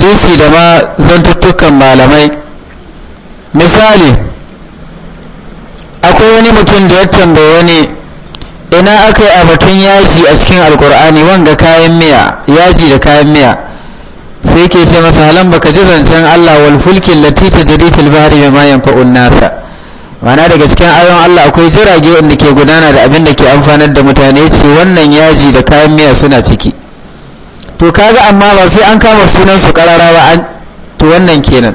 hadisi da ma zantuttukan malamai misali akwai wani mutum da ya tambaye wani ina aka yi a yaji a cikin alkur'ani wanga kayan miya yaji da kayan miya sai ke ce masa halan baka ji zancen allah wal fulkin latita jadi fil bahri bi ma yanfa'un nasa mana daga cikin ayon allah akwai jirage wanda ke gudana da abin da ke amfanar da mutane ce wannan yaji da kayan miya suna ciki to kaga amma ba sai an kama sunan su karara ba an to wannan kenan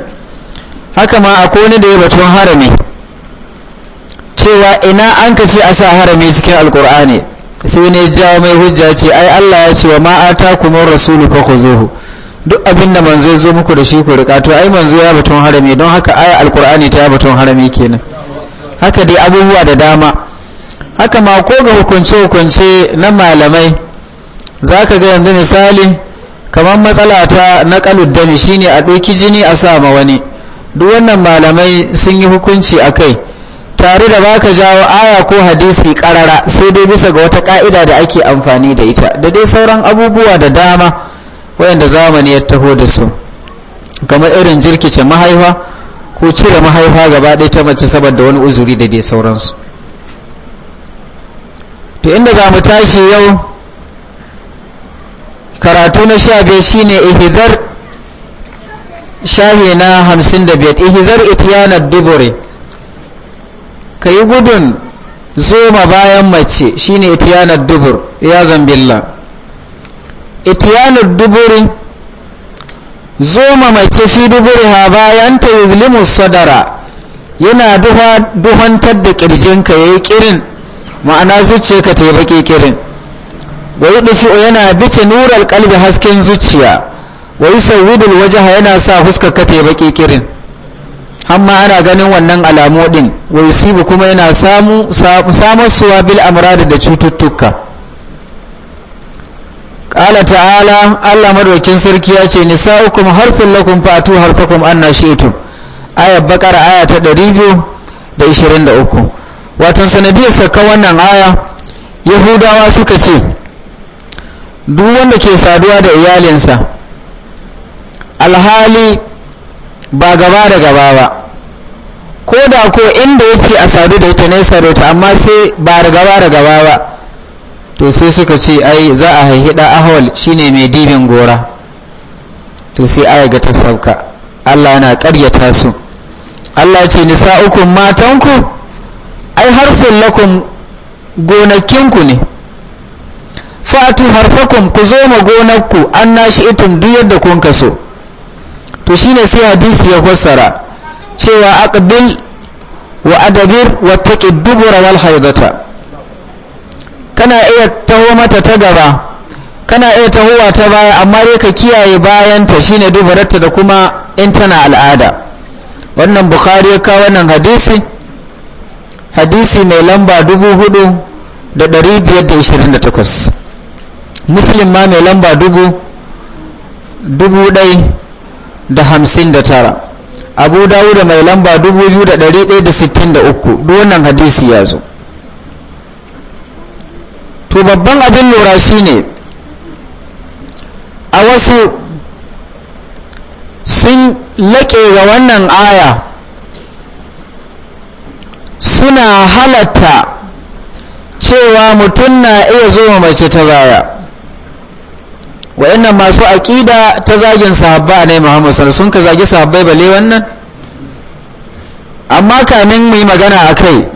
haka ma akwai wani da ya batun harami cewa ina an ka ce a sa harami cikin alkur'ani sai ne jawo mai hujja ce ai Allah ya ce wa ma atakumur rasulu khuzuhu duk abin da manzo zo muku da shi ku rika to ai manzo ya batun harami don haka ai alkur'ani ta batun harami kenan haka dai abubuwa da dama haka ma ko ga hukunce hukunce na malamai za ka ga yanzu misali kamar matsala ta na dami shine a ɗauki jini a sama wani duk wannan malamai sun yi hukunci a kai tare da baka jawo aya ko hadisi karara sai dai bisa ga wata ƙa'ida da ake amfani da ita da dai sauran abubuwa da dama wayanda zamani ya taho da su kamar irin jirkice mahaifa ko cire mahaifa gaba ɗaya ta mace saboda wani uzuri da dai sauransu to inda za mu tashi yau karatu na sha biyar ne ihizar shahi na hamsin da biyar ihizar itiyanar dubure ka yi gudun zoma bayan mace shi ne itiyanar dubur ya zambilla itiyanar duburi zoma mace fi duburi ha bayan ta yuzlimu sadara yana duhantar da kirjinka ya yi kirin ma'ana zuciyarka ta yi baƙi kirin wa o yana bice nurar kalbi hasken zuciya wa yusawwidul wajha yana sa fuska ka ta kirin amma ana ganin wannan alamu din wa yusibu kuma yana samun suwa bil amurada da cututtuka ƙala ta'ala Allah madaukin sarki ya ce nisa uku harfin lakum fatu harfakum na shetu aya baqara aya ta ɗari 223 watan sanadiyar saka wannan aya yahudawa suka ce duk wanda ke saduwa da iyalinsa alhali ba gaba da gaba ba ko da ko inda yake a sadu da ita ne sarauta amma sai ba da gaba da gaba ba to sai suka ce ai za a da ahol shine mai dibin gora to sai aya ga ta sauka Allah yana karyata su Allah ce nisa'ukum matanku ai harsun lakum gonakinku ne fatu harfakum ku zo ma gonarku an nashi itum duk yadda kun kaso to shine sai hadisi ya fassara cewa aqbil wa adabir wa taqi dubura wal haidata kana iya taho mata ta gaba kana iya tahowa ta baya amma dai ka kiyaye bayan ta shine dubaratta da kuma in tana al'ada wannan bukhari ya kawo wannan hadisi hadisi mai lamba dubu hudu da ɗari biyar da ishirin da takwas muslim ma mai lamba dubu dubu ɗai da hamsin da tara abu da mai lamba dubu biyu da ɗari ɗaya da sittin da uku duk wannan hadisi ya zo to babban abin lura shi ne a wasu sun laƙe ga wannan aya suna halatta cewa mutum na iya zo mace ta baya wa'annan masu aƙida ta zagin sahabba ne muhammad sallallahu sun ka zagi sahabbai bale wannan amma kamin mu yi magana akai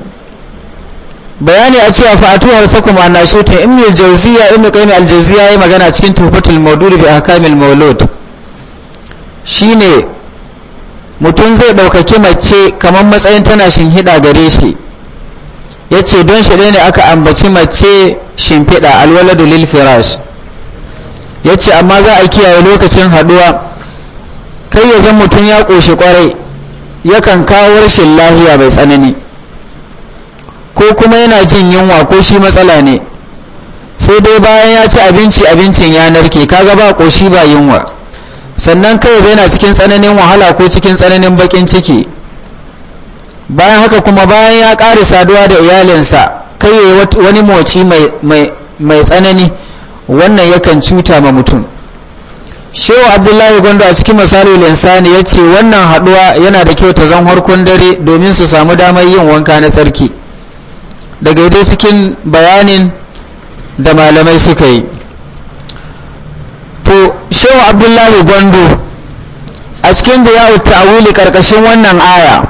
bayani a cewa fatuwar sakum annashutin ibn al-jawziya ibn qayyim al-jawziya yayi magana cikin tufatul mawdud bi ahkamil mawlud shine mutum zai ɗaukaki mace kamar matsayin tana shinhiɗa gare shi yace don shi ne aka ambaci mace shimfiɗa alwaladu lil firash ya ce amma za a kiyaye lokacin haduwa kai ya zan mutum ya ƙoshi kwarai yakan kawo rashin lahiya mai tsanani ko kuma yana jin yunwa ko shi matsala ne sai dai bayan ya ci abinci abincin ya narke kaga ba ƙoshi ba yunwa sannan kai ya zaina cikin tsananin wahala ko cikin tsananin baƙin ciki bayan haka kuma bayan ya ƙare saduwa da iyalinsa kai ya yi wani moci mai tsanani wannan yakan cuta ma mutum shehu abdullahi gondo a cikin misalul linsani ya ce wannan haduwa yana da kyau ta zan harkon dare domin su samu damar yin wanka na tsarki daga yadda cikin bayanin da malamai suka yi to shehu abdullahi gondo a cikin da yawo ta'awuli karkashin wannan aya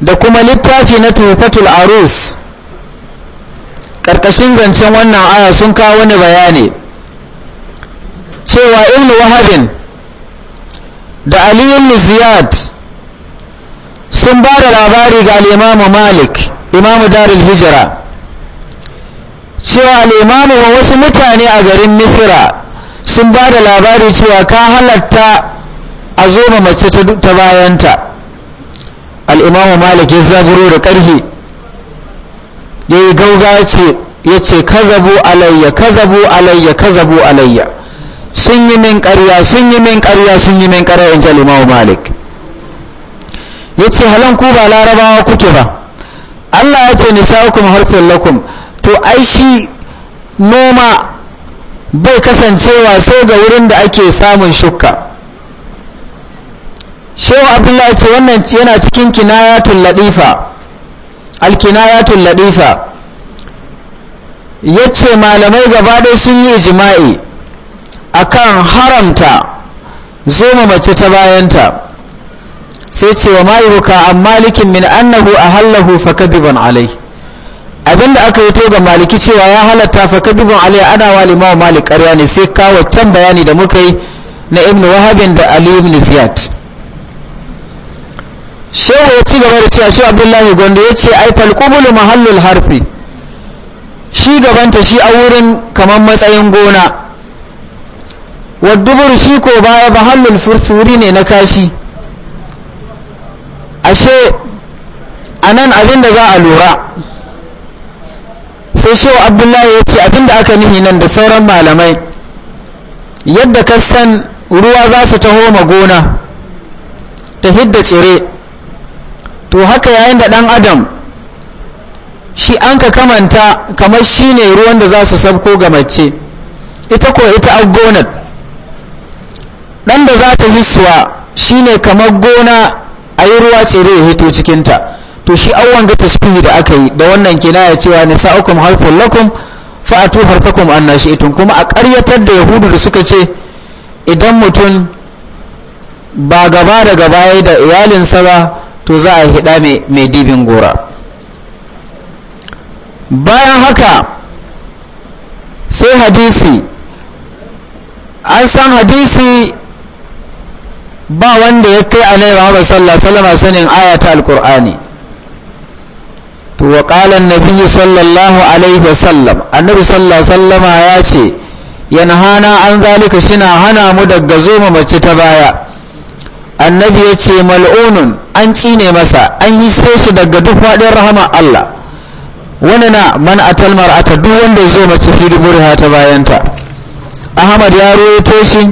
da kuma littafi na tufatul arus ƙarƙashin zancen wannan aya sun kawo wani bayani cewa ibnu wahabin da ali ibn ziyad sun ba da labari ga al'imamu malik imamu darul hijira cewa al'imamu wa wasu mutane a garin misira sun ba da labari cewa ka halatta a zo mace ta bayanta al'imamu malik ya zaburo da ƙarfi ya yi gauga ya ce zabo alayya zabo alayya zabo alayya sun yi min karya sun yi min karya sun yi min karya in jali limamu malik ya ce halan ku ba larabawa kuke ba allah ya ce nisa hukum harsun lakum to ai shi noma bai kasancewa sai ga wurin da ake samun shukka shehu abdullahi ce wannan yana cikin kinayatun ladifa alkinayatul ladifa yace malamai gaba ɗaya sun yi jima'i akan haramta zoma mace ta bayanta sai ce wa mayuka an min annahu a hallahu fakadibin alai abinda aka yi to ga maliki cewa ya halatta fakadiban alai ana wa malik ƙarya ne sai kawo can bayani da muka yi na ibn wahabin da ali ibn ziyad shehu ya ci gaba da cewa shi abdullahi gondo ya ce ai falqubulu mahallul harfi shi gabanta shi a wurin kamar matsayin gona wadubur shi ko baya mahallul furs wuri ne na kashi ashe a nan abin da za a lura sai shehu abdullahi ya ce abin da aka nihi nan da sauran malamai yadda kasan ruwa za su taho ma gona ta hidda tsire to haka yayin da ɗan adam shi an ka kamanta kamar shi ne ruwan da za su sabko ga mace ita ko ita a gonar ɗan da za ta hisuwa shi ne kamar gona a yi ruwa ce zai hito cikinta to shi awon ga tasbihi da aka yi da wannan ya cewa nisa'ukum harfun lakum fa'atu harfakum itun. kuma a ƙaryatar da yahudu da suka ce idan mutum ba gaba daga baya da iyalinsa ba to za a hida mai dibin gora bayan haka sai hadisi an san hadisi ba wanda ya kai alai muhammad sallallahu alaihi wasallam sanin ayata alkur'ani to wa qala an sallallahu alaihi wasallam annabi sallallahu alaihi wasallama ya ce yanhana an zalika shina hana mu daga zoma mace ta baya annabi ya ce mal'unun an cine masa an yi shi daga duk faɗin rahama Allah wani na man talmar a duk wanda zo mace fi duburha ta bayanta ahmad ya roto shi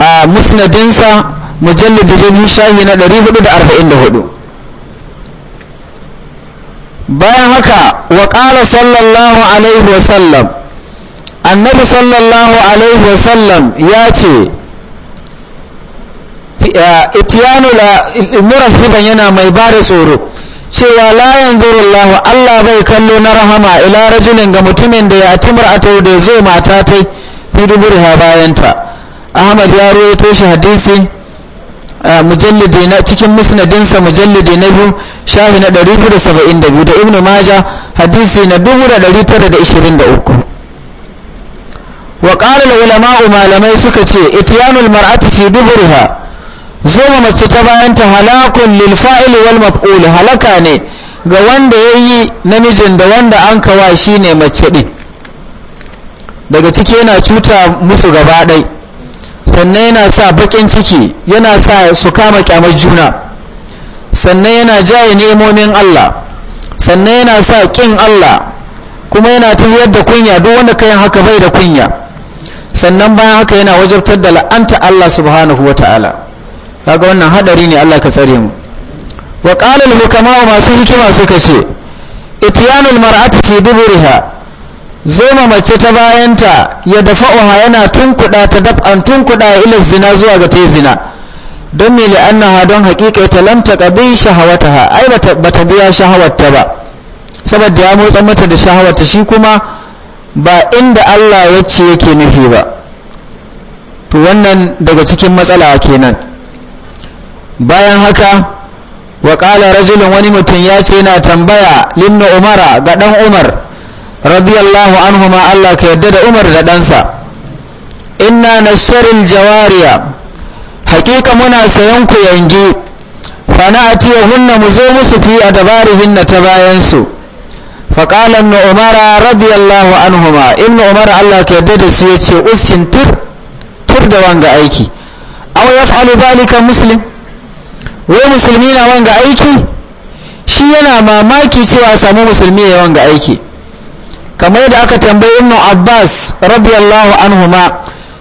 a musnadinsa mujalladin shahi na 444 bayan haka wa qala sallallahu alaihi wa sallam annabi sallallahu alaihi wa sallam ya ce Eh, itiyanu murarhiban yana mai ba da tsoro cewa layan yanzuru Allah Allah bai kallo na rahama ila rajulin ga mutumin da ya atimar ato da zo mata ta fi ha bayanta Ahmad ya rawaito shi hadisi mujallidi na cikin musnadinsa mujallidi na biyu shafi na 272 da Ibn maja hadisi na 1923 wa qala al ulama malamai suka ce ityanul mar'ati fi duburiha zo ma mace ta bayan ta halakun lil fa'il wal maf'ul halaka ne ga wanda yayi namijin da wanda an kawa shine mace din daga ciki yana cuta musu gaba ɗai sannan yana sa baƙin ciki yana sa su kama kyamar juna sannan yana jaye nemomin Allah sannan yana sa ƙin Allah kuma yana tafiyar da kunya duk wanda ka yin haka bai da kunya sannan bayan haka yana wajabtar da la'anta Allah subhanahu wa ta'ala kaga wannan hadari ne Allah ka tsare mu wa qala al hukama masu hikima suka ce ityanul mar'ati fi duburiha zoma mace ta bayanta ya dafa'uha yana tunkuda ta daf'an tunkuda ila zina zuwa ga ta zina don me annaha don haƙiƙa ita lam taqbi shahawataha ai bata biya shahawarta ba saboda ya motsa mata da shahawarta shi kuma ba inda Allah ya ce yake nufi ba to wannan daga cikin matsala kenan bayan haka wa ƙala rajulun wani mutum ya ce na tambaya linna umara ga ɗan umar radiyallahu anhu ma Allah ka yadda da umar da ɗansa inna nasharil jawariya hakika muna sayan ku Fana a tiyo hunna mu zo musu fi a dabarihinna ta bayansu faƙalan na umara radiyallahu anhuma inna umara Allah ka yadda da su ya ce uffin tur da wanga aiki aw yaf'alu zalika muslim wai musulmi na wanga aiki shi yana mamaki cewa samu musulmi ya wanga aiki kamar da aka tambayi ibnu abbas radiyallahu anhuma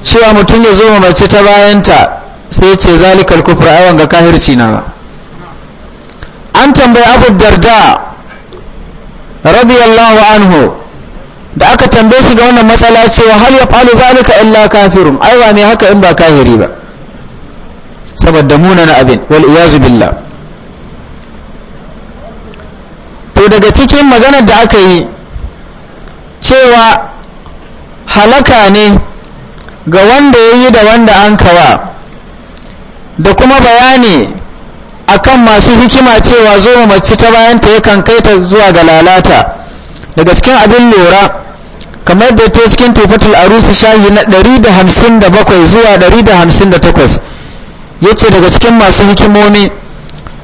cewa mutum ya zo mace ta bayanta sai ce zalikal kufra ai wanga kahirci na an tambayi abu darda radiyallahu anhu da aka tambaye shi ga wannan matsala cewa hal ya falu zalika illa kafirun ai ba haka in ba kahiri ba saboda munana abin wal’iyazu billah to daga cikin maganar da aka yi cewa halaka ne ga wanda ya yi da wanda an kawa da kuma bayani akan masu hikima cewa zo mace ta bayan ta yakan kai ta zuwa ga lalata daga cikin abin lura kamar da ta cikin tufatul arusi shahi na 157 zuwa 158 yace daga cikin masu hikimomi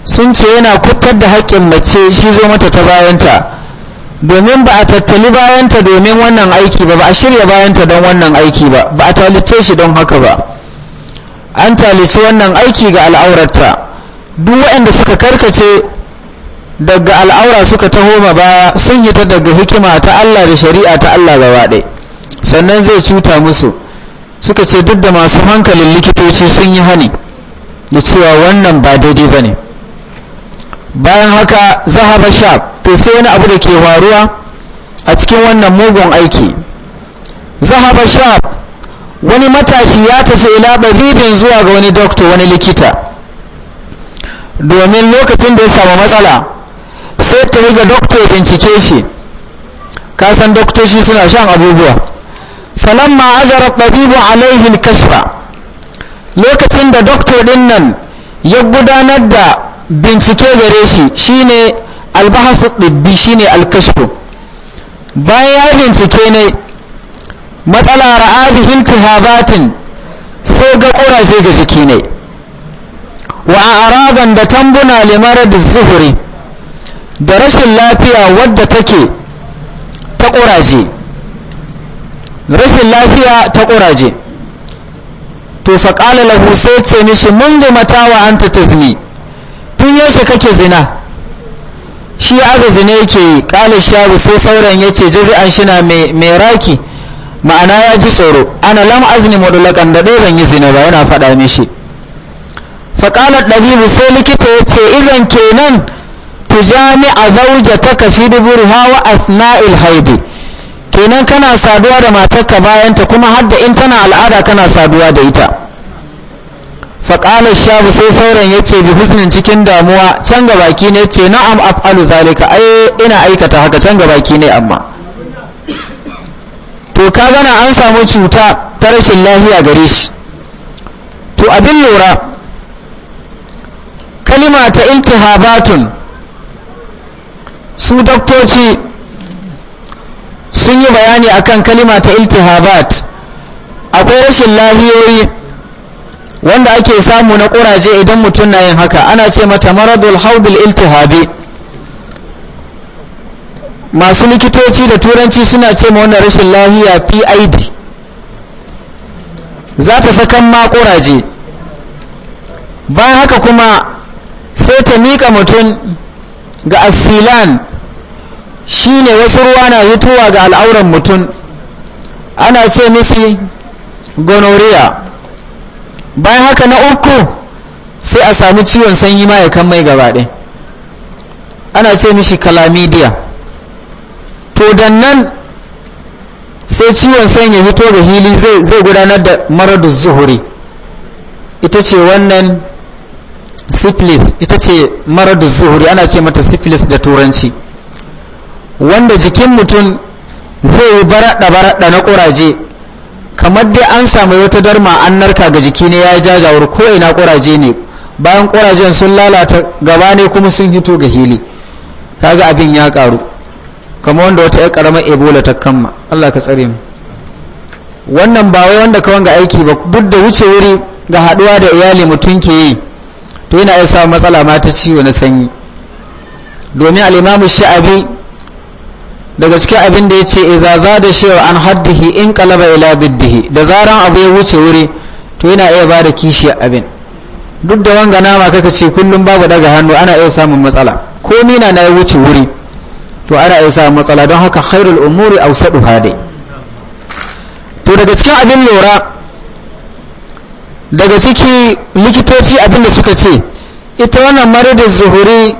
sun ce yana kutar da haƙƙin mace shi zo mata ta bayanta domin ba a tattali bayanta domin wannan aiki ba ba a shirya bayanta don wannan aiki ba ba a talice shi don haka ba an talice wannan aiki ga al'aurarta duk waɗanda suka karkace daga al'aura suka taho ma baya sun yi ta daga hikima ta Allah da shari'a ta Allah gaba ɗaya sannan zai cuta musu suka ce duk da masu hankalin likitoci sun yi hani da cewa wannan ba daidai ba ne bayan haka zahaba sha to sai wani abu da ke faruwa a cikin wannan mugun aiki zahaba sha wani matashi ya tafi ila zuwa ga wani doktor wani likita domin lokacin da ya samu matsala sai ta ga doktor bincike shi kasan doktoshi suna shan abubuwa falamma ajara a alaihin kashfa lokacin da doktor din nan ya gudanar da bincike gare shi shine albahasu ɗibbi shine alkashfu bayan ya bincike ne matsala ra'adi intihabatin sai ga ƙuraje ga jiki ne wa araban da tambuna limarar da zuhuri da rashin lafiya wadda take ta ƙuraje rashin lafiya ta ƙuraje to ƙala lahu sai ce mishi mundu matawa an ta tazni tun yaushe kake zina shi aza zina yake yi ƙala shabu sai sauran ya ce jazi an shina mai raki ma'ana ya ji tsoro ana lam azni mudulakan da ɗaya ban yi zina ba yana faɗa mishi faƙalar ɗabibu sai likita ya ce izan kenan tu jami'a zauja ta kafi duburu hawa asma'il haidi kenan kana saduwa da matarka bayanta kuma hadda in tana al'ada kana saduwa da ita faƙalar shabu sai sauran ya ce bi husnin cikin damuwa can baki ne ce na'am af'alu zalika ai ina aikata haka can baki ne amma to ka gana an samu cuta ta rashin lafiya gare shi to abin lura kalima ta intihabatun su daktoci sun yi bayani akan kalima ta iltihabat akwai rashin lahiyoyi wanda ake samu na kuraje idan mutum na yin haka ana ce mata maradul haudul iltihabi masu likitoci da turanci suna ce ma wannan rashin lahiya pid za ta sakan ma kuraje bayan haka kuma sai ta miƙa mutum ga asilan shi ne wasu ruwa na hitowa ga al'auran mutum ana ce misi gonorrhea bayan haka na uku sai a sami ciwon sanyi ma ya kan mai gabaɗe ana ce mishi kalamidiya to don nan sai ciwon sanyi ya hito ga hili zai gudanar da maradus zuhuri ita ce wannan syphilis ita ce maradus zuhuri ana ce mata syphilis da turanci wanda jikin mutum zai yi baraɗa-baraɗa na ƙuraje kamar dai an samu wata darma an narka ga jiki ne ya yi jajawar ko ina ƙuraje ne bayan ƙurajen sun lalata gaba ne kuma sun hito ga hili kaga abin ya ƙaru kamar wanda wata ya ƙaramar ebola ta kama allah ka tsare mu wannan ba wai wanda ka wanga aiki ba duk da wuce wuri ga haɗuwa da iyali mutum ke yi to yana iya samun matsala ma ta ciwo na sanyi domin al'imamu sha'abi daga cikin abin da ya ce izaza da shewa an haddihi in kalaba ila biddihi da zaran abu ya wuce wuri to yana iya ba da kishi abin duk da wanga nama kaka ce kullum babu daga hannu ana iya samun matsala ko mina na ya wuce wuri to ana iya samun matsala don haka khairul umuri sadu dai to daga cikin abin lura daga ciki likitoci abin da suka ce ita wannan da zuhuri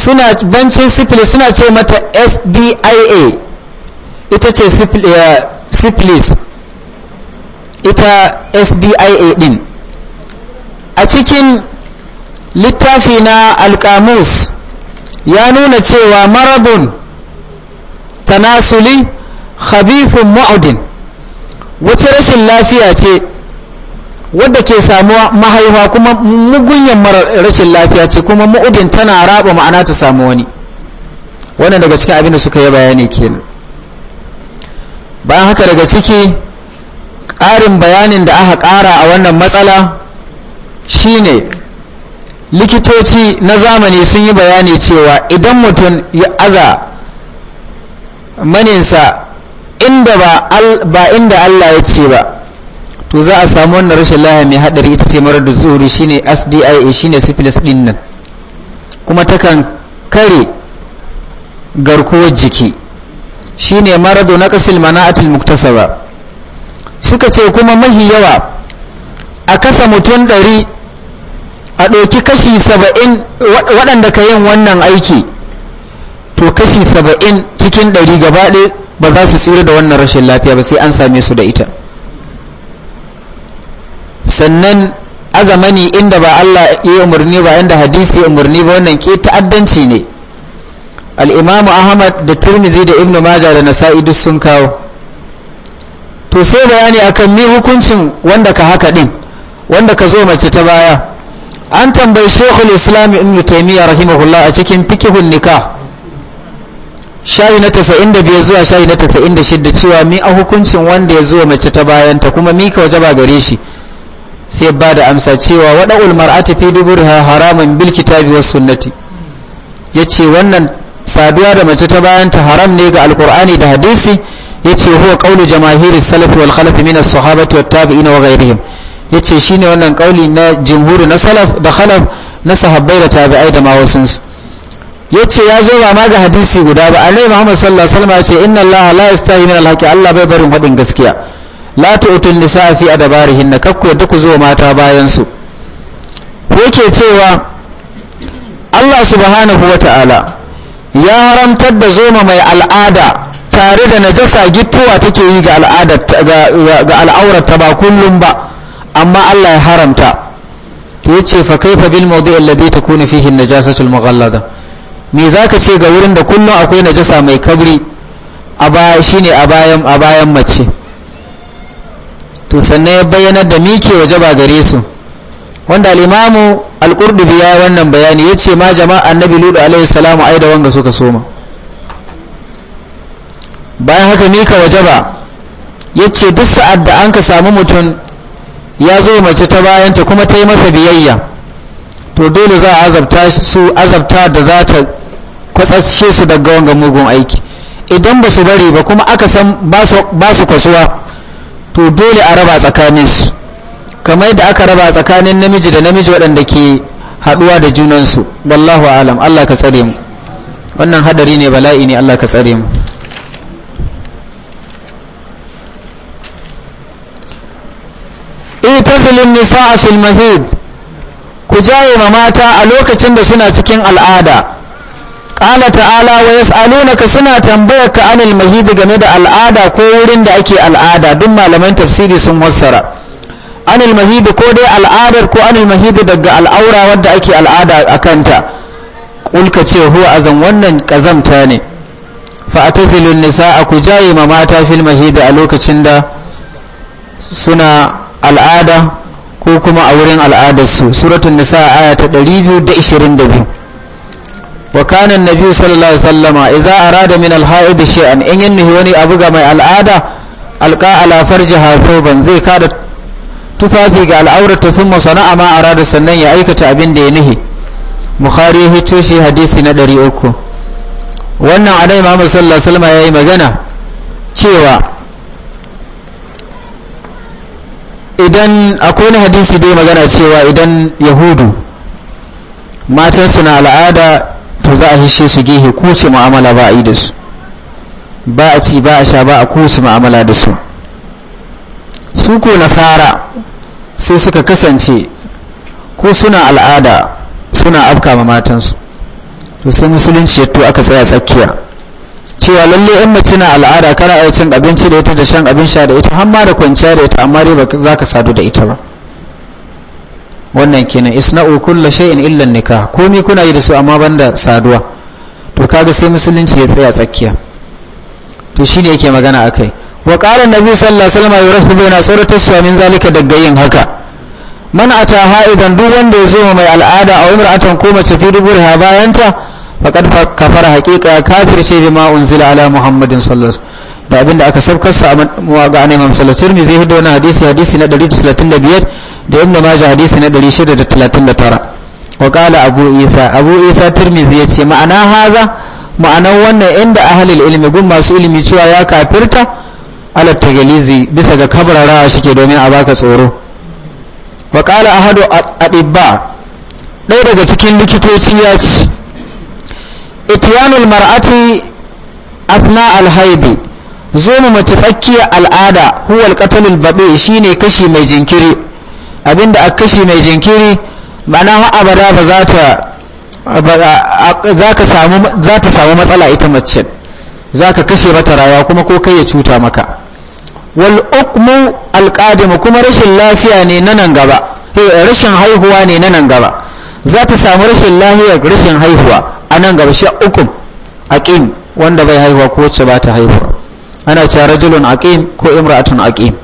suna bancin syphilis suna ce mata sdia ita ce syphilis eh, ita sdia din a cikin littafi na alkamus ya nuna cewa maradun tanasuli khabithun mu'adin wace rashin lafiya ce wadda ke samuwa mahaifa kuma mugunyan mara rashin lafiya ce kuma mu'udin tana raba ma'ana ta samu wani wannan daga cikin abin da suka yi bayani kenan bayan haka daga ciki ƙarin bayanin da aka ƙara a wannan matsala shine likitoci na zamani sun yi bayani cewa idan mutum ya aza maninsa inda ba inda Allah ya ce ba to za a samu wannan rashin laya mai hadari ita ce mara da zuri shine SDIA shine syphilis din nan kuma takan kare garkuwar jiki shine maradu na kasil mana'atul muktasaba suka ce kuma mahi yawa a kasa mutum dari a ɗauki kashi saba'in waɗanda ka yin wannan aiki to kashi saba'in cikin ɗari gaba ɗaya ba za su tsira da wannan rashin lafiya ba sai an same su da ita sannan azamani inda ba Allah ya umarni ba inda hadisi ya umarni ba wannan ke ta'addanci ne al'imamu ahmad da turmizi da ibnu maja da nasa'i duk sun kawo to sai bayani akan ni hukuncin wanda ka haka din wanda ka zo mace ta baya an tambayi shekul islam ibnu taimiyya rahimahullah a cikin fikihun nikah shayi na biyar zuwa shayi na 96 cewa mi a hukuncin wanda ya zo mace ta bayanta kuma mi ka waje ba gare shi sai ba da amsa cewa wada ulmar atafi duburha haramun bil kitabi was sunnati ce wannan saduwa da mace ta bayan ta haram ne ga alqur'ani da hadisi ya ce huwa qawlu jamahiri salaf wal khalaf min as-sahabati wat tabi'in wa ce shi ne wannan kauli na jumhuri na salaf da khalaf na sahabbai da tabi'ai da ma wasunsu yace ya zo ba ma ga hadisi guda ba annabi Muhammad sallallahu alaihi wasallam ce inna Allah la yastahi min al Allah bai barin hadin gaskiya la tu'tun nisa fi adabarihinna kakku yadda ku zuwa mata bayansu. su yake cewa Allah subhanahu wa ta'ala ya haramtar da zoma mai al'ada tare da najasa gittuwa take yi ga al'aurarta ba kullum ba amma Allah ya haramta to ya ce fa kaifa bil mawdi alladhi takunu fihi an al mughallada me zaka ce ga wurin da kullum akwai najasa mai kabri a baya shine a bayan a bayan mace to sannan ya bayyana da mike waje ba gare su wanda al-imamu al-qurdubi ya wannan bayani yace ma jama'a annabi ludu alaihi salamu ai da wanga suka soma bayan haka mika waje ba yace duk sa'ad da an ka samu mutum ya zo mace ta bayanta kuma ta yi masa biyayya to dole za a azabta su azabta da za ta kwatsace su daga wanga mugun aiki idan ba su bari ba kuma aka san ba su kwasuwa to dole a raba tsakanin su kamar yadda aka raba tsakanin namiji da namiji waɗanda ke haɗuwa da junansu wallahu alam Allah ka tsare mu wannan hadari ne bala'i ne Allah ka tsare mu itazilin nisa a filmahid ku jaye ma mata a lokacin da suna cikin al'ada ƙala ta'ala wa yas'alunaka suna tambayar ka anil mahidi game da al'ada ko wurin da ake al'ada duk malaman tafsiri sun wassara anil mahidi ko dai al'adar ko anil mahidi daga al'aura wadda ake al'ada a kanta kulka ce huwa azan wannan kazamta ne fa atazilun nisa'a ku jaye ma mata fil mahidi a lokacin da suna al'ada ko kuma a wurin al'adarsu suratun nisa aya ta 222 wa kana annabi sallallahu alaihi wasallama idza arada min al-ha'id shay'an in yanni wani abu ga mai al'ada alqa ala farjiha thawban zai kada tufafi ga al'aurata thumma sana'a ma arada sannan ya aikata abin da ya nihi bukhari ya hito shi hadisi na 300 wannan annabi Muhammad sallallahu alaihi wasallama yayi magana cewa idan akwai na hadisi dai magana cewa idan yahudu matansu na al'ada abu za a hishe su gehe ko ce mu'amala ba a yi da su ba a ci ba a sha ba a kowace mu'amala da su su ko nasara sai suka kasance ko suna al'ada suna afka ma matansu to sai musulunci ya aka tsaya tsakiya cewa lalle in mace na al'ada kana iya cin abinci da ita da shan abin sha da ita har ma da kwanciya da ita amma dai ba za ka sadu da ita ba wannan kenan isna'u kulla shay'in illa nikah komai kuna yi da su amma banda saduwa to kaga sai musulunci ya tsaya tsakiya to shine yake magana akai wa qala nabi sallallahu alaihi wasallam yurahu baina surati suwa min zalika daga yin haka man ata ha'idan duk wanda ya zo mai al'ada a imra'atan ko mace fi duburha bayanta faqad kafara haqiqa kafir ce bima unzila ala muhammadin sallallahu alaihi wasallam da abinda aka sabkarsa a ga annabi sallallahu alaihi wasallam zai hido na hadisi hadisi na 135 da yadda ji hadisi na 639 wa kala abu isa abu isa tirmizi ce ma'ana haza ma'anan wannan inda ahalil ilmi gun masu ilimi cewa ya kafirta ala tagalizi bisa ga kabrarawa shike domin a baka tsoro wa kala ahadu adibba ɗaya daga cikin likitoci ya ce itiyanul mar'ati athna al-haidi zo mu mace tsakiyar al'ada huwal qatalul babi shine kashi mai jinkiri abinda a kashi mai jinkiri ma'ana har abada ba za ta samu matsala ita mace za ka kashe mata rayuwa kuma ko kai ya cuta maka wal ukmu alqadim kuma rashin lafiya ne na nan gaba eh, rashin haihuwa ne na nan gaba za ta samu rashin lafiya rashin haihuwa a nan gaba shi ukum aqim wanda bai haihuwa ko wacce ba ta haihuwa ana cewa rajulun aqim ko imra'atun aqim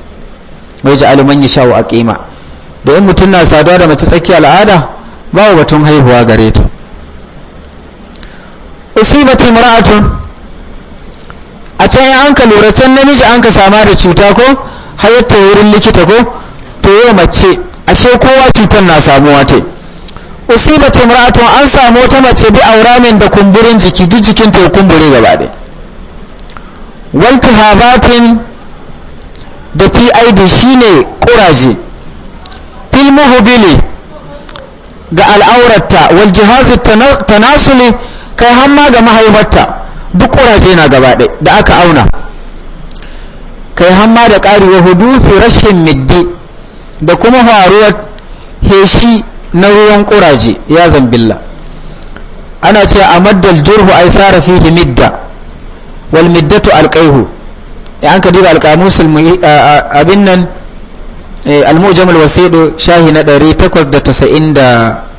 wai ya man yasha'u aqima da yin mutum na saduwa da mace tsakiya al'ada babu batun haihuwa gare ta usibat imra'atun a can an ka lura can namiji an ka sama da cuta ko hayatta wurin likita ko to yau mace ashe kowa cutar na samuwa ta usibat imra'atun an samu wata mace bi min da kumburin jiki duk jikin ta kumbure gaba ɗaya waltihabatin da pid shine kuraje muhbili ga al'auratta wal jihazi tanasuli kai hamma ga mahaifarta duk kuraje na gaba da aka auna kai hamma da ƙari wa su rashin middi da kuma faruwar heshi na ruwan kuraje ya zambilla ana ce a maddal jurhu ai sara fihi midda wal middatu alqaihu ya an ka duba alqamusul abin nan Eh, al-mujam al-wasidu shahi na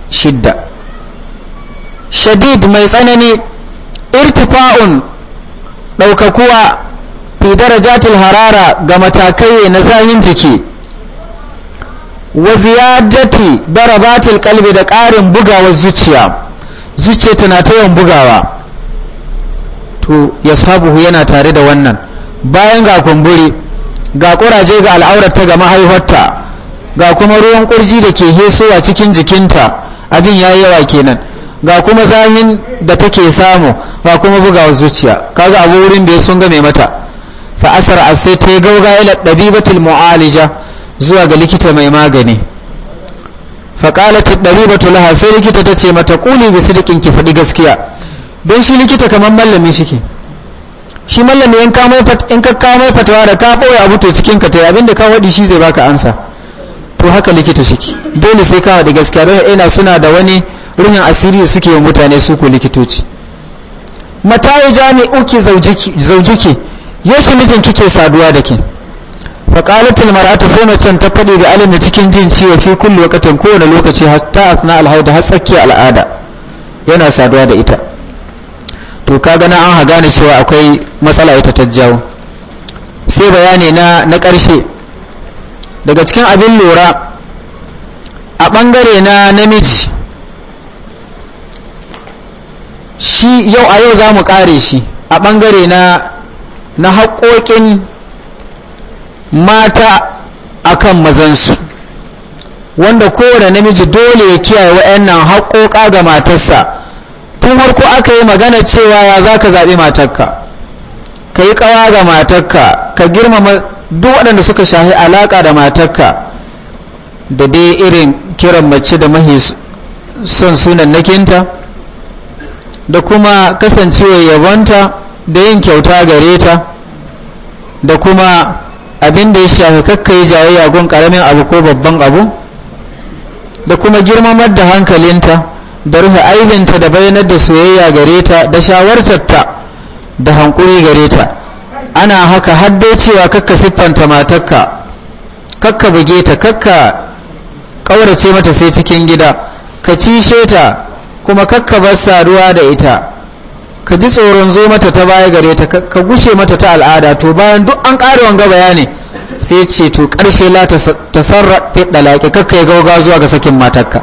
shidda shadid mai tsanani irtifa'un daukakuwa fi darajatil harara ga matakai na zahin jiki wa ziyadati darabatil qalbi da ƙarin bugawar zuciya zuciya tana ta yawan bugawa to yashabuhu yana tare da wannan bayan ga kumburi ga ƙuraje ga al'aurata ga mahaifarta ga kuma ruwan kurji da ke hesowa cikin jikinta abin ya yi yawa kenan ga kuma zahin da take samu ga kuma bugawa zuciya kaga abu wurin da ya sun game mata fa asar sai ta gauga ila dabibatul mu'alija zuwa ga likita mai magani fa qalat dabibatu laha sai likita tace mata quli bi sidqin ki fadi gaskiya don shi likita kamar mallami shike shi mallami in ka mai fatawa da ka boye abu to cikin ka tayi abinda ka wadi shi zai baka ansa to haka likita shi dole sai ka wadi gaskiya don ina suna da wani ruhin asiri suke wa mutane su ko likitoci matayi uki zaujiki yaushe mijin kike saduwa da ke faƙalatul mar'atu sai mace ta fadi da alimi cikin jin ciwo fi kulli waqtin kowane lokaci hatta asna alhaid har tsakiyar al'ada yana saduwa da ita to ka gana an ha gane cewa akwai matsala ita ta jawo sai bayani na na ƙarshe daga cikin abin lura a ɓangare na namiji shi yau a yau za mu ƙare shi a ɓangare na na haƙoƙin mata akan mazansu wanda kowane namiji dole ya kiyaye waɗannan haƙoƙa ga matarsa tun farko aka yi magana cewa ya za ka zaɓi matakka. ka yi ƙawa ga matakka ka girmama duk waɗanda suka shahi alaƙa da matakka. da dai irin kiran mace da mahi son sunan nakinta da kuma kasancewa yabonta da yin kyauta gare ta da kuma abin da ya shafi kakka yi jayayya gun ƙaramin abu ko babban abu da kuma girmamar da hankalinta da rufe aibinta da bayanar da soyayya gare ta da shawartarta da hankuri gare ta ana haka haddo cewa kakka siffanta matarka kakka buge ta kakka kaurace mata sai cikin gida ka cishe ta kuma kakka bar saduwa da ita ka ji tsoron zo mata ta baya gare ta ka gushe mata ta al'ada to bayan duk an ƙara wanga bayani sai ce to ƙarshe la ta sarra fiɗa kakka ya gauga zuwa ga sakin matarka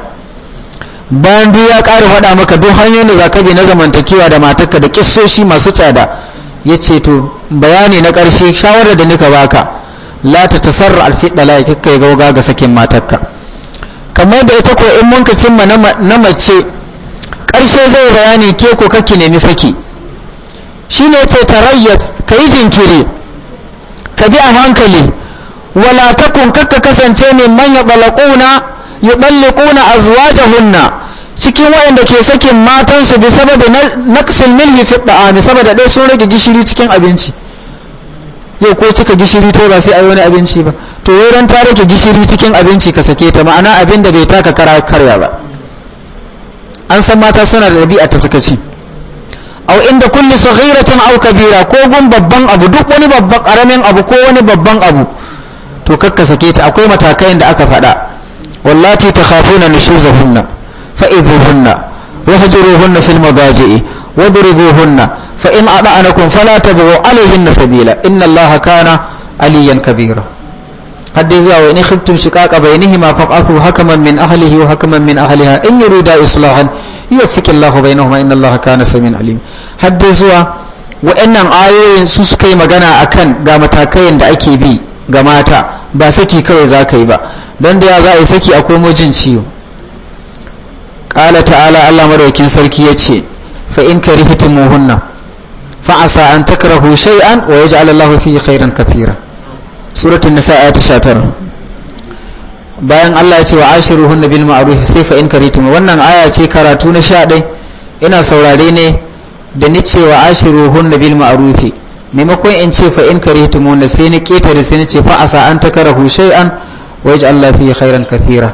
bayan duk ya ƙara faɗa maka duk hanyoyin da za ka bi na zamantakewa da matarka da kissoshi masu tsada ya ce to bayani na ƙarshe shawarar da nika baka la ta tasarra alfiɗa la kai gauga ga sakin matarka kamar da ita ko in mun ka cimma na mace ƙarshe zai bayani ke ko kake nemi saki shi ne ce tarayya ka yi jinkiri ka bi a hankali wala takun kakka kasance mai manya balakuna zuwa azwajahunna cikin waɗanda ke sakin matansu bi sababi naqsil milhi fi da'ami saboda dai sun rage gishiri cikin abinci yau ko cika gishiri ta ba sai a yi wani abinci ba to wurin ta rage gishiri cikin abinci ka sake ta ma'ana abin da bai taka kara karya ba an san mata suna da ɗabi'a ta suka ci au inda kulli saghiratin au kabira ko gun babban abu duk wani babban karamin abu ko wani babban abu to kakka sake ta akwai matakai da aka faɗa wallati takhafuna nushuzahunna fa'idhuhunna wahjuruhunna fil madaji'i wadribuhunna fa in ada'anakum fala tabghu alayhinna sabila inna allaha kana aliyan kabira hadda zuwa wa in khiftum shiqaqa bainihima fab'athu hakaman min ahlihi wa hakaman min ahliha in yurida islahan yuwaffiqu allahu bainahuma inna allaha kana samian alim hadda zuwa wa'annan ayoyin su suka yi magana akan ga matakai da ake bi ga mata ba saki kawai za ba don da ya za a yi saki a komo jin ciwo ƙala ta'ala allah maraukin sarki ya ce fa in ka rihitin muhunna fa a takara hushai shay'an wa ya ji alallahu fi khairan kathira suratun nisa a ta shatar bayan allah ya ce wa ashiru hunna bil ma'ruf sai fa in ka rihitin wannan aya ce karatu na sha ɗai ina saurare ne da ni ce wa ashiru hunna bil ma'ruf maimakon in ce fa in ka rihitin sai ni ƙetare sai ni ce fa a takara hushai shay'an wa Allah fi khairan kathira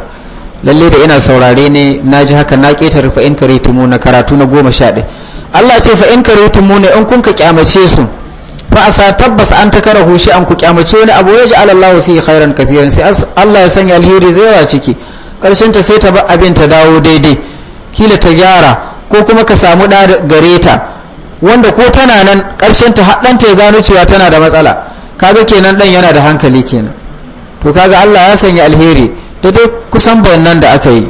lalle da ina saurare ne na ji haka na keta rufa in karitumu na karatu na goma sha ɗaya Allah ce fa in karitumu ne in kun ka kyamace su fa asa tabbas an ta kara hushi an ku kyamace wani abu ya ji Allah fi khairan kathira sai Allah ya sanya alheri zai yawa ciki karshen ta sai ta bar abin ta dawo daidai kila ta gyara ko kuma ka samu da gare ta wanda ko tana nan karshen ta haɗanta ya gano cewa tana da matsala kaga kenan dan yana da hankali kenan to kaga Allah ya sanya alheri to dai kusan bayanan da aka yi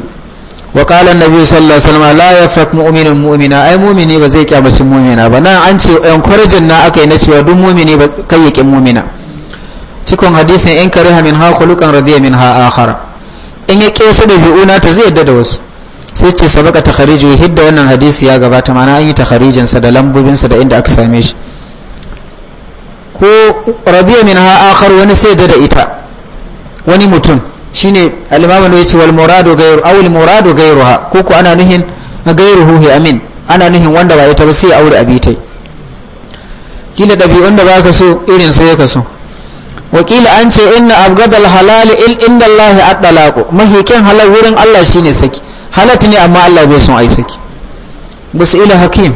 wa qala annabi sallallahu alaihi wasallam la yafak mu'minun mu'mina ai mu'mini ba zai kyamaci mu'mina ba nan an ce encourage na aka yi na cewa duk mu'mini ba kai yake mu'mina cikon hadisin in kariha min ha khuluqan radiya min ha akhara in ya kesa da bi'una ta zai yadda da wasu sai ce sabaka takhariju hidda wannan hadisi ya gabata mana an yi takharijin sa da lambobin sa da inda aka same shi ko radiya min ha akhar wani sai da ita wani mutum shine ne yace wal muradu Gairu aw al muradu Gairu ha koko ana nuhin ghayruhu hi amin ana nuhin wanda ba ita ba sai aure abitai kila dabi'un da baka so irin sai ka so wakila an ce inna abgadal halal il inda Allah at-talaqu mahikin halal wurin Allah shine saki halatu ne amma Allah bai son ai saki musu ila hakim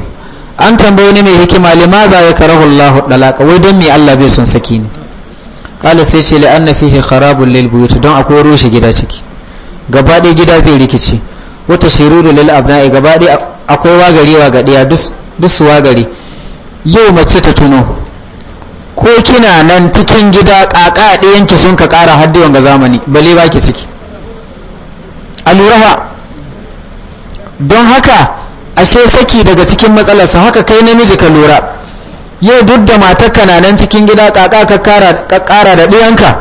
an tambaye ne mai hikima limaza ya karahu Allah at-talaqa wai don me Allah bai son saki ne kala sai ce la'anna fi kharabun lil buyut don akwai rushe gida ciki gabaɗaya gida zai rikici wata shirudu lil abna'i gaba akwai wagari a duk su wagari yau mace ta tuno ko kina nan cikin gida kaka ɗayan ki sun ka ƙara haddi wanga zamani bale ba ki ciki a lura don haka ashe saki daga cikin matsalarsa haka kai namiji ka lura yau duk da matarka na nan cikin gida kaka ka kara da ɗiyanka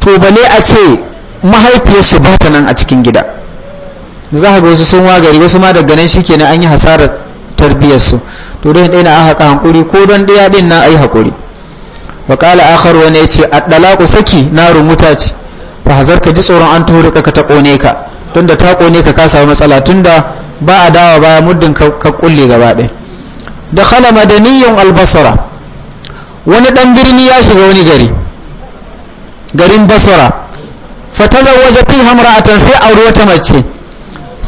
to bale a ce mahaifiyarsu ba ta nan a cikin gida za ga wasu sun wagari wasu ma daga nan shi kenan an yi hasarar tarbiyyarsu to don ɗaya na an haƙa hankuri ko don ɗaya ɗin na ayi yi haƙuri wa ƙala wani ya ce addalaku saki na rumuta ce ba hazar ka ji tsoron an tuhuri ka ta ƙone ka don ta ƙone ka ka samu matsala tunda ba a dawa baya muddin ka kulle gaba ɗaya da khala madaniyun albasara wani ɗan birni ya shiga wani gari garin basara fatazawwaja fi hamra'atan sai aure wata mace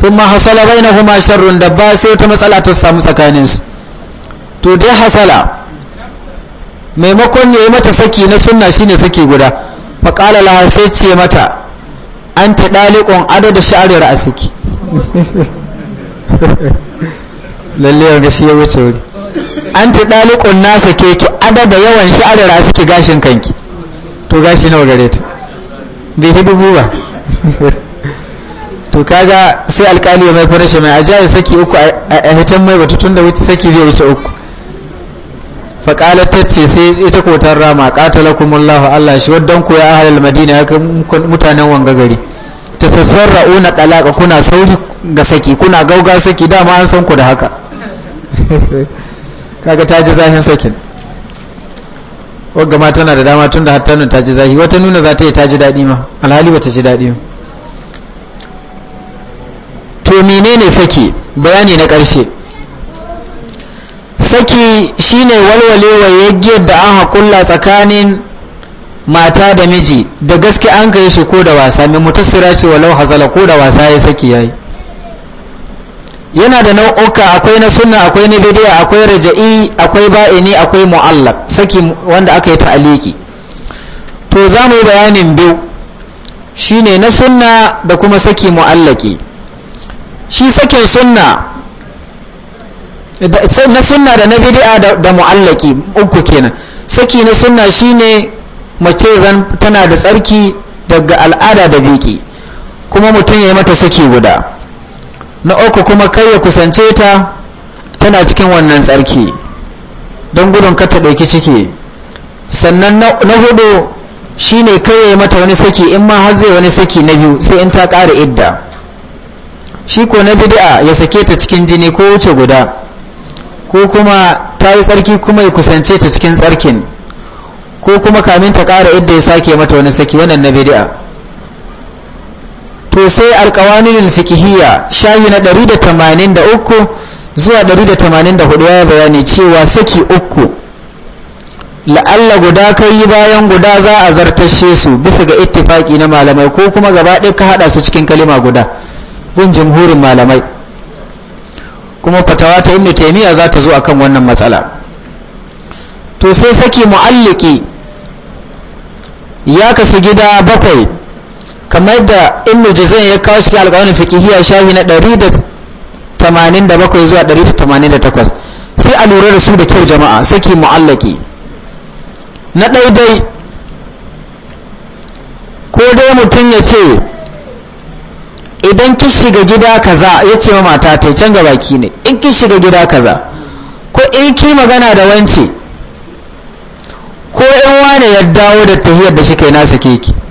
thumma hasala bainahuma sharrun dabba sai wata matsala ta samu tsakaninsu to dai hasala maimakon ya yi mata saki na sunna shine saki guda faƙala laha sai ce mata an ta ɗalikon adada sha'arar a saki ga shi ya wuce wuri an ta ɗalikun nasa ke ki adada yawan sha'arara suke gashin kanki to gashi nawa gare ta bai ta dubu ba to kaga sai alkali ya mai farashi mai ajiyar saki uku a hitan mai batu tun da wuce saki zai wuce uku faƙalar ta ce sai ita kotar rama ƙatala kumullahu allah shi wadda ku ya ahalar madina ya mutanen wanga gari ta sassarra una ƙalaƙa kuna sauri ga saki kuna gauga saki dama an san ku da haka kaga ta ji zahin sakin wadda ma tana da dama tun da hattanun ta ji zahi wata nuna za ta yi ta ji daɗi ma alhali ba ta ji daɗi ma to menene saki bayani na ƙarshe saki shine walwalewa yaggiyar da an haƙulla tsakanin mata da miji da gaske an kai shi ko da wasa mai mutassira ce walau hazala ko da wasa ya saki ya yi. yana da nau'uka akwai na sunna akwai na bidiya akwai raja'i akwai ba'ini akwai mu'allaq saki wanda aka yi ta'aliki to za mu yi bayanin biyu shine na sunna da kuma saki mu'allaki shi sakin sunna na sunna da na bidiya da mu'allaqi uku kenan saki na sunna shine mace zan tana da tsarki daga al'ada da biki kuma mutum ya yi mata saki guda na uku kuma kai ya kusance ta tana cikin wannan tsarki don gudun ka ta ɗauki ciki sannan na hudu shine kai ya yi mata wani saki in ma har zai wani saki na biyu sai in ta ƙara idda shi ko na bid'a ya sake ta cikin jini ko wuce guda ko kuma ta yi tsarki kuma ya kusance ta cikin tsarkin ko kuma kamin ta ƙara idda ya sake mata wani saki wannan na bid'a to sai alkawanin fikihiyya shayi na 183 zuwa 184 ya bayani cewa saki uku la'alla guda kai yi bayan guda za a zartashe su bisa ga ittifaki na malamai ko kuma gaba ɗaya ka haɗa su cikin kalima guda gun jamhurin malamai kuma fatawa ta ibnu taymiya za ta zo akan wannan matsala to sai saki mu'alliki ya kasu gida bakwai kamar da ibnu juzan ya kawo shi alƙawarin fiqhiyya shahi na 187 zuwa 188 sai a lura da su da kyau jama'a saki mu'allaki na daidai ko dai mutum ya ce idan ki shiga gida kaza ya ce ma mata ta can ki ne in ki shiga gida kaza ko in ki magana da wance ko in wane ya dawo da tahiyar da shi kai na sake ki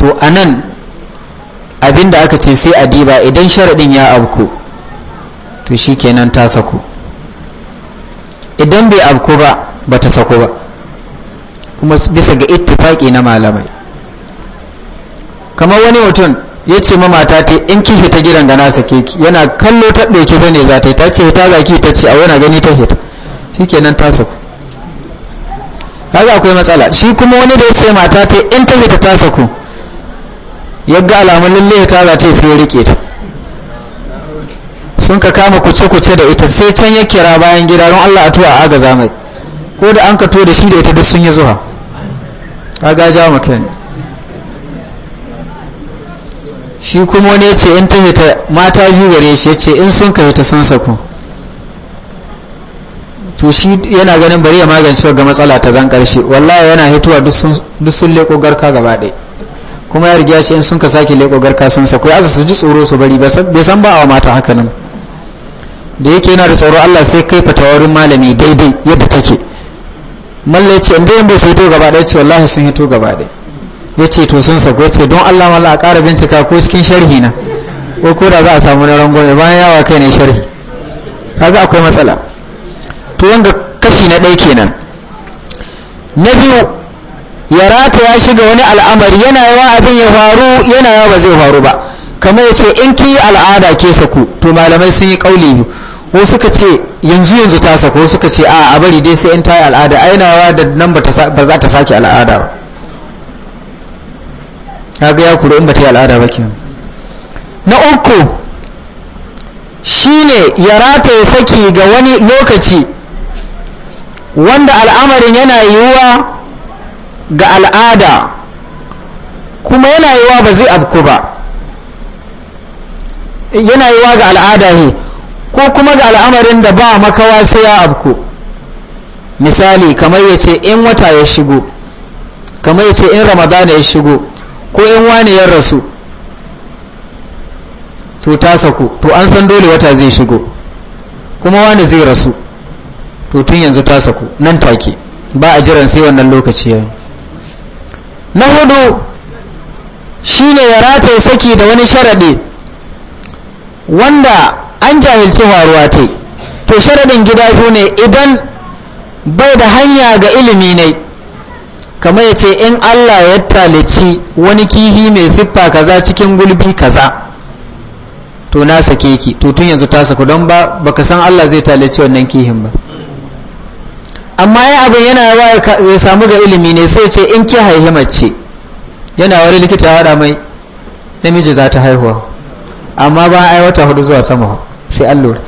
to a abin abinda aka ce sai a diba idan sharaɗin ya abku to shi kenan ta sako idan bai abku ba ba ta sako ba kuma bisa ga ittifaki na malamai kamar wani mutum ya ce ma mata ta in ki fita gidan gana sake ki yana kallo ta ɗauki zane za ta yi ta ce ta ki ta ce a wani gani ta hita shi kenan ta saku kaga akwai matsala shi kuma wani da ya ce mata ta in ta fita ta saku. yagga alamun lalle ya za ta sai ya rike ta sun ka kama kuce-kuce da ita sai can ya kira bayan gida don Allah a tuwa a agaza mai ko da an ka to da shi da ita duk sun yi zuwa kaga ja maka ne shi kuma wani ya ce in ta hita mata biyu gare shi ya ce in sun ka ta sun sako to shi yana ganin bari ya magance ga matsala ta zan karshe wallahi yana hituwa duk sun leƙo garka gaba ɗaya kuma ya riga ce in sun ka sake leƙo garka sun sa kai azu su ji tsoro su bari bai san ba a mata haka nan da yake yana da tsoro Allah sai kai fatawarin malami daidai yadda take mallai ce inda yin bai sai to gaba ɗaya ce wallahi sun hito gaba ɗaya ya ce to sun sako ce don Allah mala a ƙara bincika ko cikin sharhi na ko ko da za a samu na rangon bayan yawa kai ne sharhi kaga akwai matsala to yanga kashi na ɗaya kenan na biyu ya rata ya shiga wani al'amari yana yawa abin ya faru yana yawa ba zai faru ba kamar ya ce in ki al'ada ke saku to malamai sun yi kauli biyu wasu suka ce yanzu yanzu ta saku suka ce a a bari dai sai in ta yi al'ada a yana yawa da nan ba za ta sake al'ada ba ga ya kuro in ba ta yi al'ada ba ke na uku shine ya ya saki ga wani lokaci wanda al'amarin yana yiwuwa ga al'ada kuma yana yiwa ba zai abku ba yana yiwa ga al'ada ne ko kuma ga al'amarin da ba makawa sai ya abku misali kamar ya ce in wata ya shigo kamar ya ce in ramadana ya shigo ko in wani ya rasu to ta saku to an san dole wata zai shigo kuma wani zai rasu to tun yanzu ta saku nan take ba a jiran sai wannan lokaci yayi na hudu shi ne ya rataye saki da wani sharaɗi wanda an jahilci faruwa ta to sharaɗin gida biyu ne idan bai da hanya ga ilimi ne kamar ya ce in allah ya talici wani kifi mai siffa kaza cikin gulbi kaza to na sake ki to tun yanzu ta saku don ba baka san allah zai talici wannan kihin ba amma ya abin yana wa ya samu ga ilimi ne sai ce in ki haihi mace yana wani likita ya haɗa mai namiji za ta haihuwa amma ba a wata hudu zuwa sama sai an lura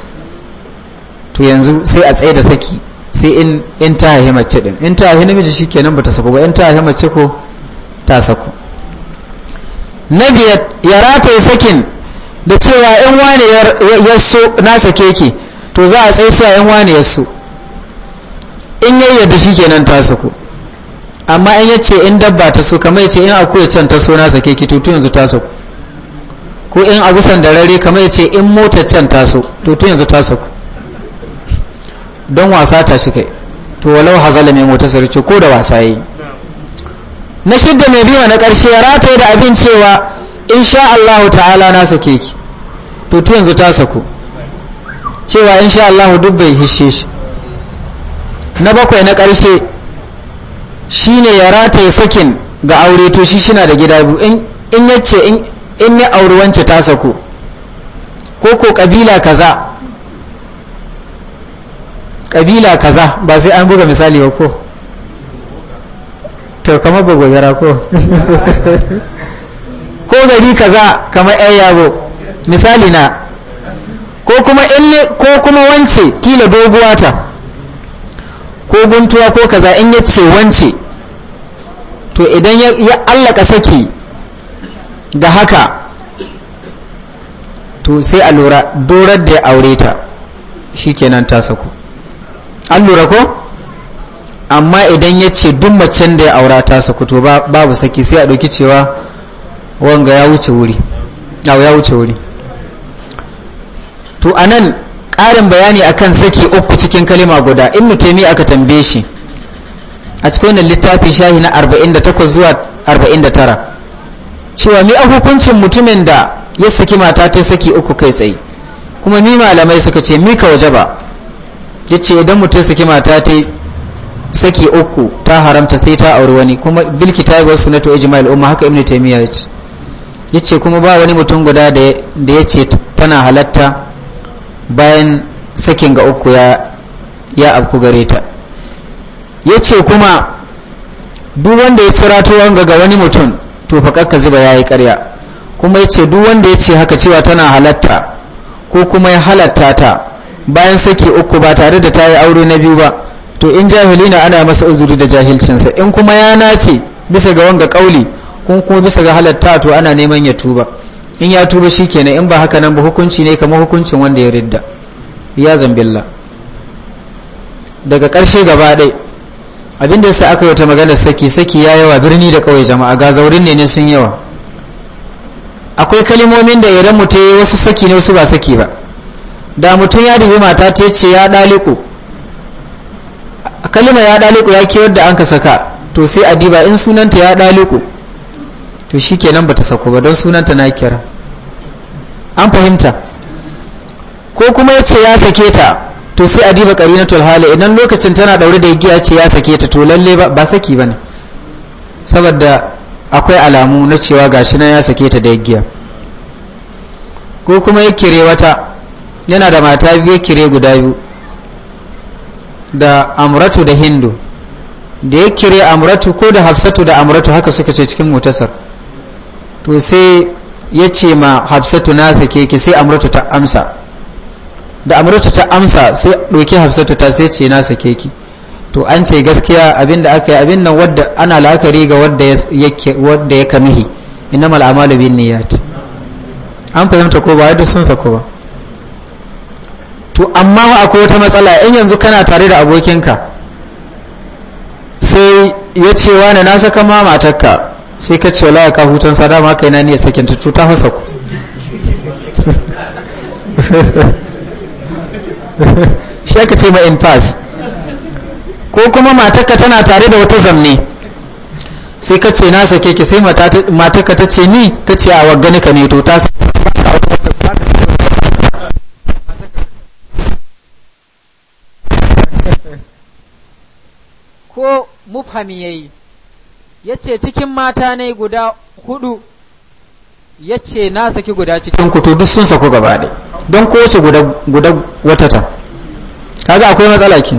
to yanzu sai a tsaye da saki sai in in ta haihi mace din in ta haihi namiji shikenan ta sako ba in ta haihi mace ko ta sako na biyar ya rataye sakin da cewa in wani ya so na sake ki to za a tsaye a in wani ya so in ya yadda shi kenan ta saku amma in ya ce in dabba ta so kamar ya ce in akuya can ta so na sake ki tutu yanzu ta saku ko in agusan da kamar ya ce in mota can ta so tutu yanzu ta saku don wasa ta shi kai to walau hazala mai mota sarki ko da wasa yi na shidda mai biyu na ƙarshe ya rataye da abin cewa in sha Allahu ta'ala na sake ki tutu yanzu ta saku cewa in sha Allahu duk bai hishe shi na bakwai na ƙarshe shine ya rataye sakin ga aure to shi shina da gida in ya ce in ya auri wance ta sako ko ko ƙabila kaza ƙabila kaza ba sai an buga misali ba ko to kama ba gobera ko ko gari kaza kama ɗaya yabo misali na ko kuma wance kila doguwa ta ko guntuwa ko kaza in ya ce wance to idan ya allaka saki da haka to sai a lura dorar da ya aure ta shi kenan ta saku an lura ko amma idan ya ce duk da ya aura ta saku to babu saki sai a ɗauki cewa wanga ya wuce wuri ya wuce wuri to anan ƙarin bayani akan saki uku cikin kalima guda in mutumi aka tambaye shi a cikin wannan littafi shahi na 48 zuwa 49 cewa mi a hukuncin mutumin da ya saki mata ta saki uku kai tsaye kuma mi malamai suka ce mi ka waje ba ya ce idan mutum ya saki mata ta saki uku ta haramta sai ta auri wani kuma bilki ta ga sunatu ijma'il al'umma haka ibnu taymiya ya ce ya ce kuma ba wani mutum guda da ya ce tana halatta bayan sakin ga uku ya ya abku gare ta ya ce kuma duk wanda ya cira tuwon ga wani mutum to fakakka zuba ya yi karya kuma ya ce duk wanda ya ce haka cewa tana halatta ko kuma ya halatta ta bayan saki uku ba tare da ta yi aure na biyu ba to in jahili na ana masa uzuri da jahilcinsa in kuma ya nace bisa ga wanga kauli kun kuma bisa ga halatta to ana neman ya tuba in ya tuba shi kenan in ba haka nan ba hukunci ne kamar hukuncin wanda ya ridda ya zambilla daga ƙarshe gaba ɗai abinda yasa aka yi wata maganar saki saki ya yawa birni da ƙauye jama'a ga zaurin ne ne sun yawa akwai kalimomin da idan mu yi wasu saki ne wasu ba saki ba da mutum ya dubi mata ta ce ya ɗaliku kalima ya ɗaliku ya ke da an ka saka to sai a diba in sunanta ya ɗaliku to shi kenan ba ta sako ba don sunanta na kira an fahimta ko kuma ya ce ya sake ta to sai a diba karinatul hali idan lokacin tana daure da igiya ce ya sake ta to lalle ba saki bane saboda akwai alamu na cewa gashi nan ya sake ta da igiya ko kuma ya kire wata yana da mata biyu kire guda biyu da amratu da hindu da ya kire amratu ko da hafsatu da amratu haka suka ce cikin mutasar to sai ya ce ma hafsatu na sake ki sai amurtu ta amsa da amurtu ta amsa sai ɗauki hafsatu ta sai ce na sake ki to an ce gaskiya abin da aka yi abin nan wadda ana la'akari ga wadda ya kamihi ina al'amalu bin niyati an fahimta ko ba yadda sun sako ba to amma wa akwai wata matsala in yanzu kana tare da abokinka sai ya ce wani na saka ma matakka sai ka ce wala ka hutun sa dama kai na ne sakin ta cuta ku shi aka ce ma in pass ko kuma matarka tana tare da wata zamne sai ka ce na sake ki sai matarka ta ce ni ka ce a wagani ka ne to ta ko mufhami yayi ya ce cikin mata ne guda hudu ya ce na saki guda cikin kuto duk sun saku gaba ɗai don kowace guda watata kaga akwai matsala ki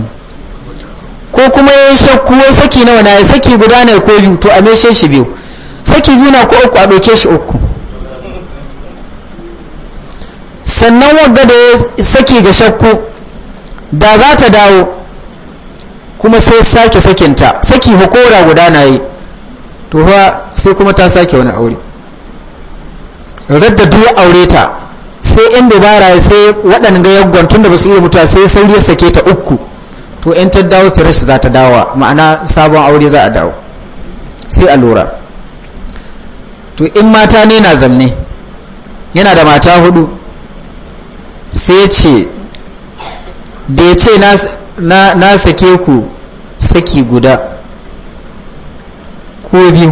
ko kuma ya yi shakku wai saki nawa na ya saki guda ne ko biyu to a meshe shi biyu saki biyu na ko uku a ɗauke shi uku sannan wanda da ya saki ga shakku da za ta dawo kuma sai sake sakinta saki hukura guda na yi to fa sai kuma ta sake wani aure radda duk aure ta sai yan dabara sai waɗanda yaggon tunda da ba su iya mutuwa sai sauri ya sake ta uku to in ta dawo firish za ta dawo ma'ana sabon aure za a dawo sai a lura to in mata ne na zamne yana da mata hudu sai ce da ya ce na sake ku saki guda ko biyu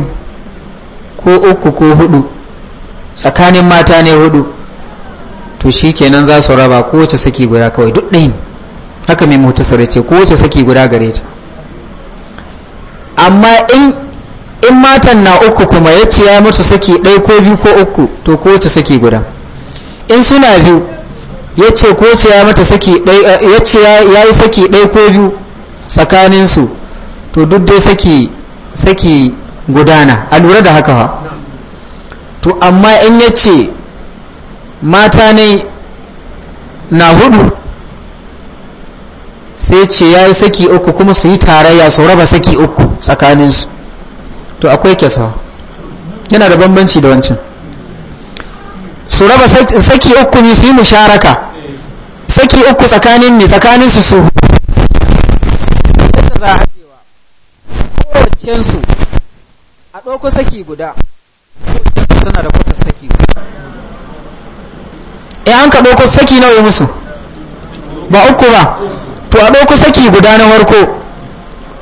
ko uku ko hudu tsakanin mata ne hudu to shi kenan za su raba kowace saki guda kawai duk ɗayin haka mai mutasar ce kowace saki guda gare ta amma in in matan na uku kuma ya ce ya mutu saki ɗaya ko biyu ko uku to kowace saki guda in suna biyu ya ce ko ya mata saki eh, ya ce ya yi saki ɗaya ko biyu tsakaninsu to duk dai saki saki gudana a lura da haka ha to amma in ya ce mata ne na hudu sai ce ya yi saki uku kuma su yi tarayya su raba saki uku tsakaninsu to akwai kyasa yana da bambanci da wancan su raba saki uku ne su yi musharaka saki uku tsakanin ne tsakanin su su kowacensu a ɗauko saki guda tana da kwatar saki guda e an ka ɗauko saki nawa musu ba uku ba to a ɗauko saki guda na farko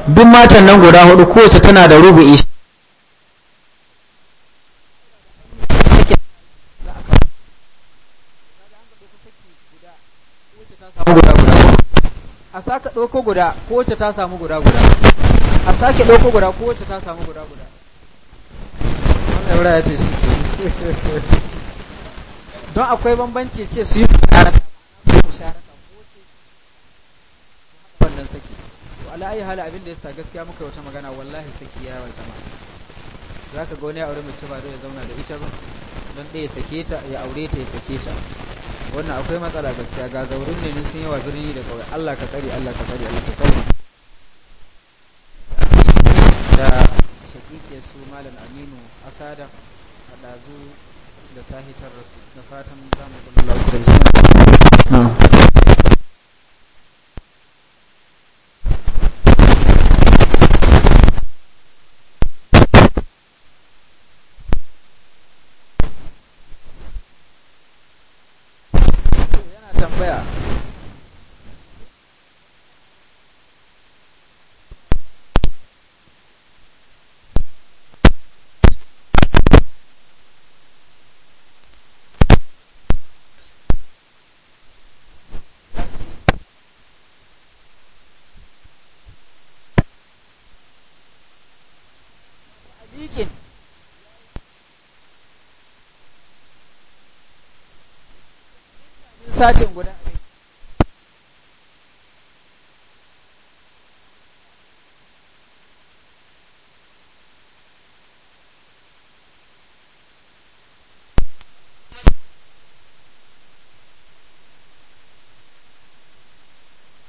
duk matan nan guda hudu kowace tana da ishi a sake ɗauko guda kowace ta samu guda guda a sake ɗauko guda kowace ta samu guda guda ɗaura ya ce shi don akwai bambanci ce su yi musharaka musharaka su ce wannan saki to ala'ayi ayi hala abin da sa gaskiya muka wata magana wallahi saki ya wata ma za ka ga wani aure mace ba ya zauna da ita ba don ɗaya sake ta ya aure ta ya sake ta wannan akwai matsala gaskiya ga zaurin ne sun yawa birni da kawai Allah ka tsari Allah ka tsari Allah ka tsari su malam aminu asada a ɗazu da sahitar rasu da fatan zamu gudunar da satin guda